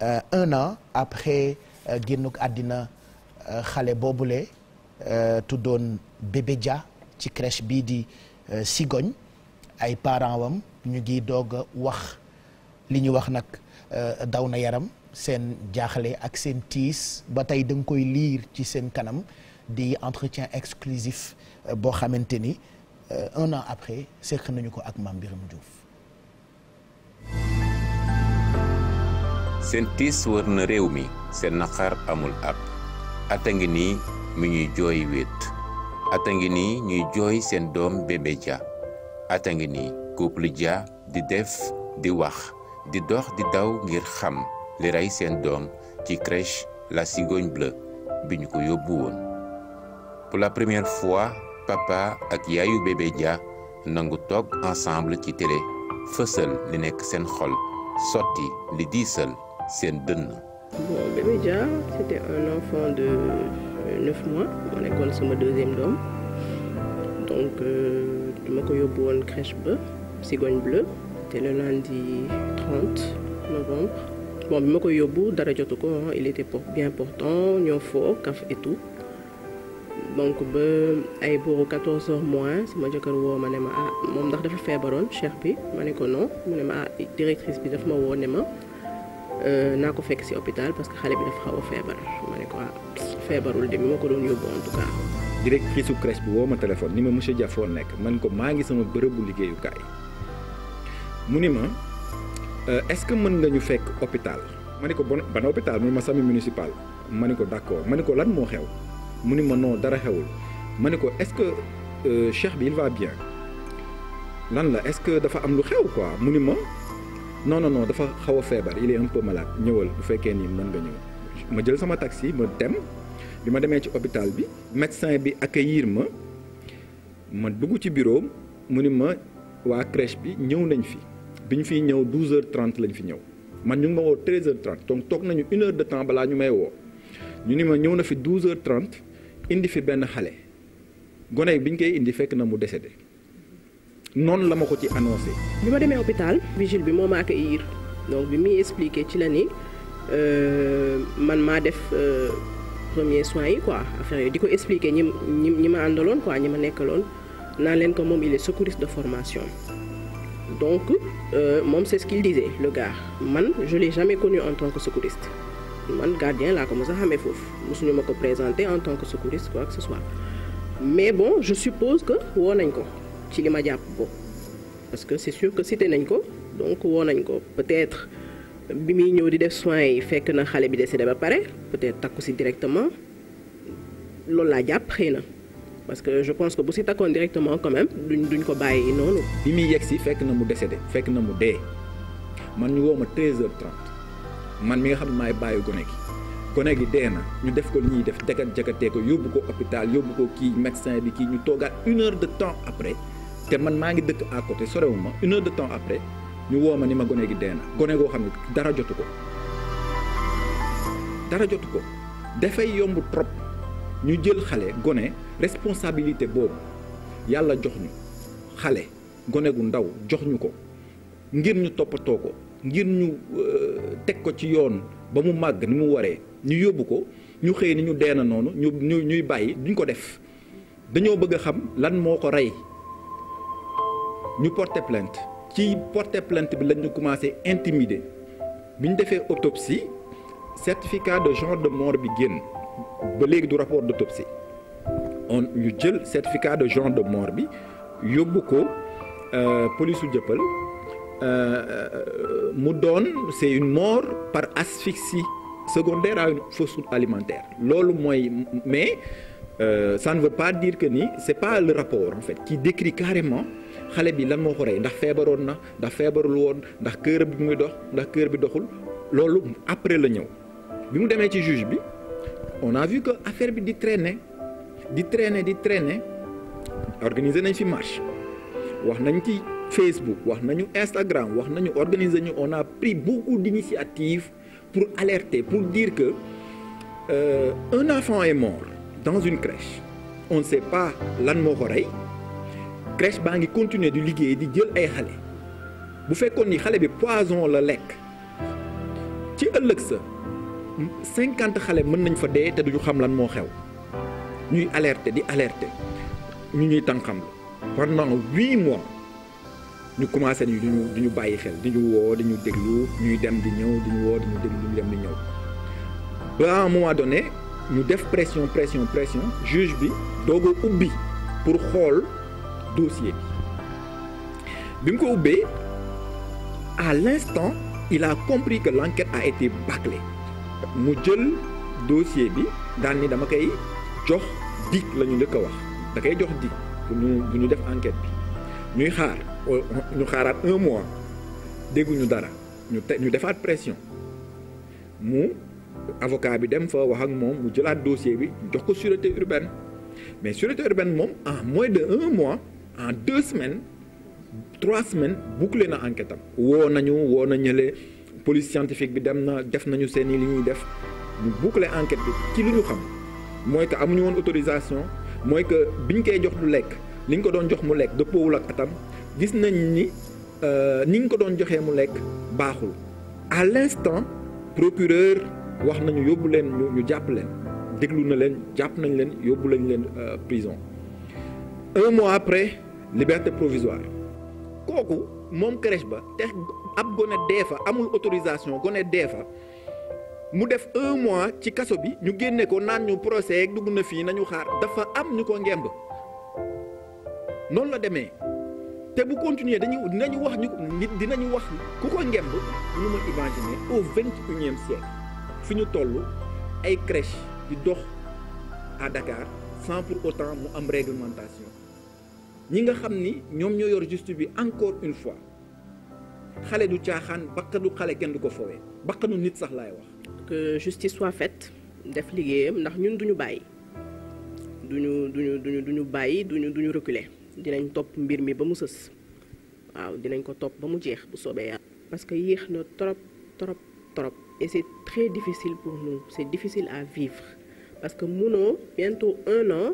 Euh, un an après euh, génnuk àddina euh, xale boobule tuddoon bébé Dia ci crèche bii di sigoñ ay parents wam ñu ngi doog wax li ñu wax nag daw na yaram seen jaaxle ak seen tiis ba tey da nga koy liir ci seen kanam di entretien exclusif boo xamante ni un an après seq nañu ko ak Mame Birame Diouf seen tiis wër na réew mi seen naqar amul ab ata ngi nii mi ñuy jooy wéet ata ngi nii ñuy jooy seen doom bébé Dia ata ngi nii couple Dia di def di wax di dox di daw ngir xam li rey seen doom ci crèche la cigogne bleue bi ñu ko yóbbu woon pour la première fois papa ak yaayu bébé Dia nangu toog ensemble ci télé fësal li nekk seen xol sotti li diisal seen dënn. bon bébé Dia c'était un enfant de euh, neuf mois ma nekkoon sama deuxième doom donc euh, dama ko yóbbu woon crèche ba Cigogne Bleue te le lundi 30 novembre bon bi ma koy yóbbu dara jotu ko il était bien portant ñoo foo kaf et donc ba ay booru 14 heures moins sama jëkkër woo ma ne ma ah moom ndax dafa feebaroon cheikh bi ma ne ko non mu ne ma ah directrice bi daf ma woo ne ma. Euh, naa ko fekk si hôpital parce que xale bi dafa xaw a feebar ma ne ko ah, feebarul de mi ma ko doon yóbbu en tout cas. directrice su bi woo ma téléphone ni ma monsieur Dia foo nekk man ko maa ngi sama bërëbu liggéeyukaay mu ni ma euh, est-ce que mën nga ñu fekk hôpital ma ne ko ban ban hôpital mu ma sami municipal ma ne ko d'accord ma ne ko lan moo xew mu ni ma non dara xewul ma ne ko est-ce que euh, cheikh bi il va bien lan la est-ce que dafa am lu xew quoi mu ni ma. non non dafa xaw a feebar il est un peu malade ñëwal bu fekkee nii mën nga ñëw ma jël sama taxi ma dem bi ma demee ci hôpital bi médecin bi ak yiir ma ma dugg ci bureau mu ni ma waa crèche bi ñëw nañ fi bi ñu fiy ñëw 12h30 lañ fi ñëw man ñu ngi ma woo 13 h toog nañu une heure de temps balaa ñu may woo ñu ni ma ñëw na fi 12h30 indi fi benn xale gone bi ñu koy indi fekk na mu décédé. noonu la ma ko ci annoncé. bi ma demee hôpital vigile bi moo ma accueillir donc bi muy expliqué ci la ni euh, man maa def euh, premier soin yi quoi affaire di ko expliqué ñi ñi ñi ma àndaloon quoi ñi ma nekkaloon naa leen ko moom il est secouriste de formation. donc euh, moom c'est ce qu'il disait le gars man je l'ai jamais connu en tant que secouriste man gardien laa ko mos sax xamee foofu mu suñu ma ko présenter en tant que secouriste quoi que ce soit mais bon je suppose que woo nañ ko. ci li ma jàpp ko parce que c'est sûr que cité nañ ko donc woo nañ ko peut-être bi muy ñëw di def soins yi fekk na xale bi décédé ba pare peut-être takku si directement loolu laa jàpp xëy na parce que je pense que bu si takkoon directement quand même duñ duñ ko bàyyi noonu. bi muy yegg si fekk na mu décédé fekk na mu dee man ñu woo ma 13h30 man mi nga xam ne maay bàyyi gone gi gone gi dee na ñu def ko li ñuy def jagat jagatee ko yóbbu ko hôpital yóbbu ko kii médecin bi kii ñu toogaat une de temps après. te man maa ngi dëkk à côté sorewuma une heure de temps après ñu woo ma ni ma gone gi dee gone goo xam ne dara jotu ko dara jotu ko dafay yomb trop ñu jël xale gone responsabilité boobu yàlla jox ñu xale gone gu ndaw jox ñu ko ngir ñu toppatoo ko ngir ñu euh, teg ko ci yoon ba mu màgg ni mu waree ñu yóbbu ko ñu xëy ni ñu dee na noonu ñu ñu ñuy bàyyi duñ ko def dañoo bëgg a xam lan moo ko rey ñu porté plainte ci porté plainte bi lañu commencé intimider bi ñu defee autopsie certificat de genre de mort bi génn ba léegi du rapport d'autopsie on ñu jël certificat de genre de mort bi yóbbu ko euh, polisu jëppal euh, mu doon c'est une mort par asphyxie secondaire à une fausse alimentaire loolu mooy mais euh, ça ne veut pas dire que ni c'est pas le rapport en fait qui décrit carrément xale bi lan moo ko rey ndax feebaroon na ndax feebarul woon ndax kër bi muy dox ndax kër bi doxul loolu après la ñëw bi mu demee ci juge bi on a vu que affaire bi di traîner di traîner di traîner organiser nañ fi marche wax nañ ci Facebook wax nañu Instagram wax nañu organiser ñu on a pris beaucoup d'initiatives pour alerter pour dire que euh, un enfant est mort dans une crèche on ne pas lan moo ko rey crèche baa ngi continuer du liggéey di jël ay xale bu fekkoon ni xale bi poison la lekk ci ëllëg sa cinquante xale mën nañ fa dee te duñu xam lan moo xew ñuy alerter di alerter ñu ñuy tànqam la pendant huit mois ñu commencé ni duñu duñu bàyyi xel di ñu woo di déglu ñuy dem di ñëw di ñu woo di déglu ñu dem di ñëw ba à un moment ñu def pression pression pression juge bi doog a ubbi pour xool. dossier bi bi mu ko ubbee à l'instant il a compris que l'enquête a été bâclée mu jël dossier bi daan ni dama koy jox dig la ñu njëkk a wax da kay jox dig ñu bu ñu def enquête bi ñuy xaar ñu xaaraat un mois dégguñu dara ñu te ñu defaat pression mu avocat bi dem fa wax ak moom mu jëlaat dossier bi jox ko sûreté urbaine mais sûreté urbaine moom en moins de un mois en deux semaines trois semaines bouclé na enquête am woo nañu woo na ñële police scientifique bi dem na def nañu seen i li ñuy def ñu bouclé enquête bi ci li ñu xam mooy que amuñu woon autorisation mooy que biñ koy jox du lekk li ñu ko doon jox mu lekk dëppoowul ak atam gis nañ ni euh, ni ñu ko doon joxee mu lekk baaxul à l'instant procureur wax nañu yóbbu leen ñu ñu jàpp leen déglu na leen jàpp nañ leen yóbbu lañ leen euh, prison un après liberté provisoire kooku moom crèche ba te ab gone dee fa amul autorisation gone dee fa mu def un mois ci kaso bi ñu génne ko naan ñu prose ak dugg na fii nañu xaar dafa am ñu ko ngemb noonu la demee te bu continuer dañu dinañu wax nit dinañu wax ku ko ngemb ñu ma imaginer au vingt unième siècle fi ñu toll ay crèche di dox à Dakar sans pour autant mu am réglementation ñi nga xam ni ñoom ñoo yor justice bi encore une fois xale du caaxaan bakkanu xale kenn du ko foowee bakkanu nit sax laay wax. que justice soit fait def liggéeyam ndax ñun duñu bàyyi duñu duñu duñu duñu bàyyi duñu duñu reculer dinañ topp mbir mi ba mu sës waaw dinañ ko topp ba mu jeex bu soobee yàlla. parce que yéex na trop trop trop et c'est très difficile pour nous c'est difficile à vivre parce que munoo un an.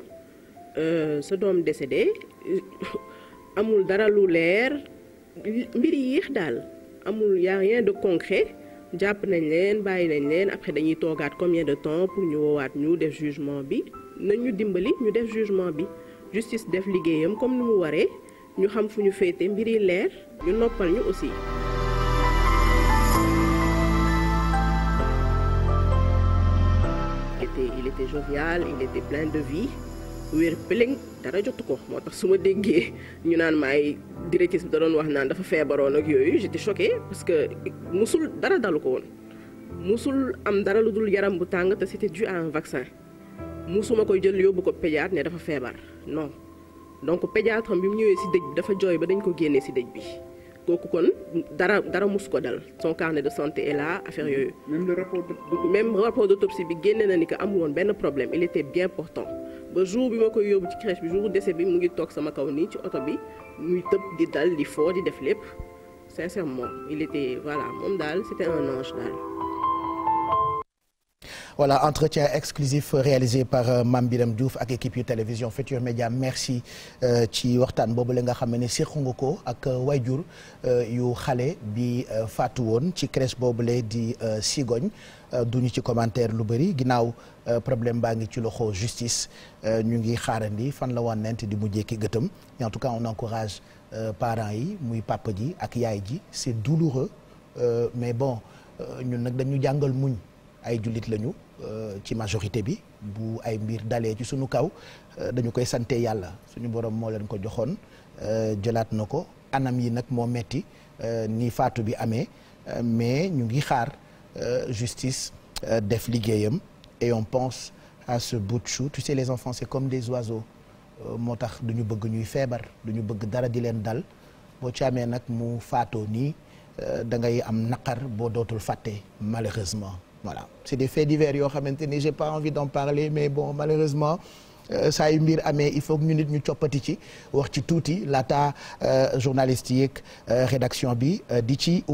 Euh, sa doom décédé euh, amul dara lu leer mbir yi yéex daal amul y a rien de concret jàpp nañ leen bàyyi nañ leen après dañuy toogaat combien de temps pour ñu woowaat ñu def jugement bi nañu dimbali ñu def jugement bi justice def liggéeyam comme lu mu waree ñu xam fu ñu féete mbir leer ñu noppal ñu aussi. il était il était jovial il était plein de vie. wér pëling dara jotu ko moo tax su ma déggee ñu naan ma ay directrice bi da doon wax naan dafa feebaroon ak yooyu j'étais choquée parce que musul dara dalu ko woon musul am dara lu dul yaram bu tàng te c'était dû à un vaccin musuma koy jël yóbbu ko pédiatre ne dafa feebar non donc pédiatre am bi mu ñëwee ci dëj bi dafa jooy ba dañ ko génnee ci dëj bi kooku kon dara dara mus ko dal son carnet de santé est la affaire yooyu. même le rapport même rapport d'autopsie bi génne na ni que amul woon benn problème il était bien portant. ba jour bi ma koy yóbbu ci crèche bi jour décès bi mu ngi toog sama kaw nii ci oto bi muy tëb di dal di foo di def lépp sincèrement il était voilà moom daal c'était un ange daal. voilà entretien exclusif réalisé par euh, Mame Biram Diouf ak équipe yu télévision Futur Média merci euh, ci waxtaan boobu la nga xam ne séqu nga ko ak way euh, wayjur yu xale bi faatu woon ci crèche boobule di Sigogne duñu ci commentaire lu bëri ginnaaw problème baa ngi ci loxo justice ñu ngi xaarandi fan la wànnent di mujjee ki gëtëm en tout cas on encourage parents yi muy papa ji ak yaay ji c'est douloureux mais bon ñun nag dañu jàngal muñ ay jullit lañu Euh, ci majorité bi bu ay mbir dalee ci suñu kaw euh, dañu koy sante yàlla suñu borom moo leen ko joxoon euh, jëlaat na ko anam yi nag moo metti nii faatu bi amee mais ñu ngi xaar justice def liggéeyam et on pense à ce bout de chou les enfants c'est comme des oiseaux moo tax duñu bëgg ñuy feebar du ñu bëgg dara di leen dal boo ci amee nag mu faatoo nii da ngay am naqar boo dootul fàtte malheureusement voilà c'est des faits divers yoo xamante ni j'ai pas envie d'en parler mais bon malheureusement euh, saa yu mbir amee il faut que ñu nit ñu coppati ci wax ci tuuti laata euh, journaliste yeeg euh, rédaction bi di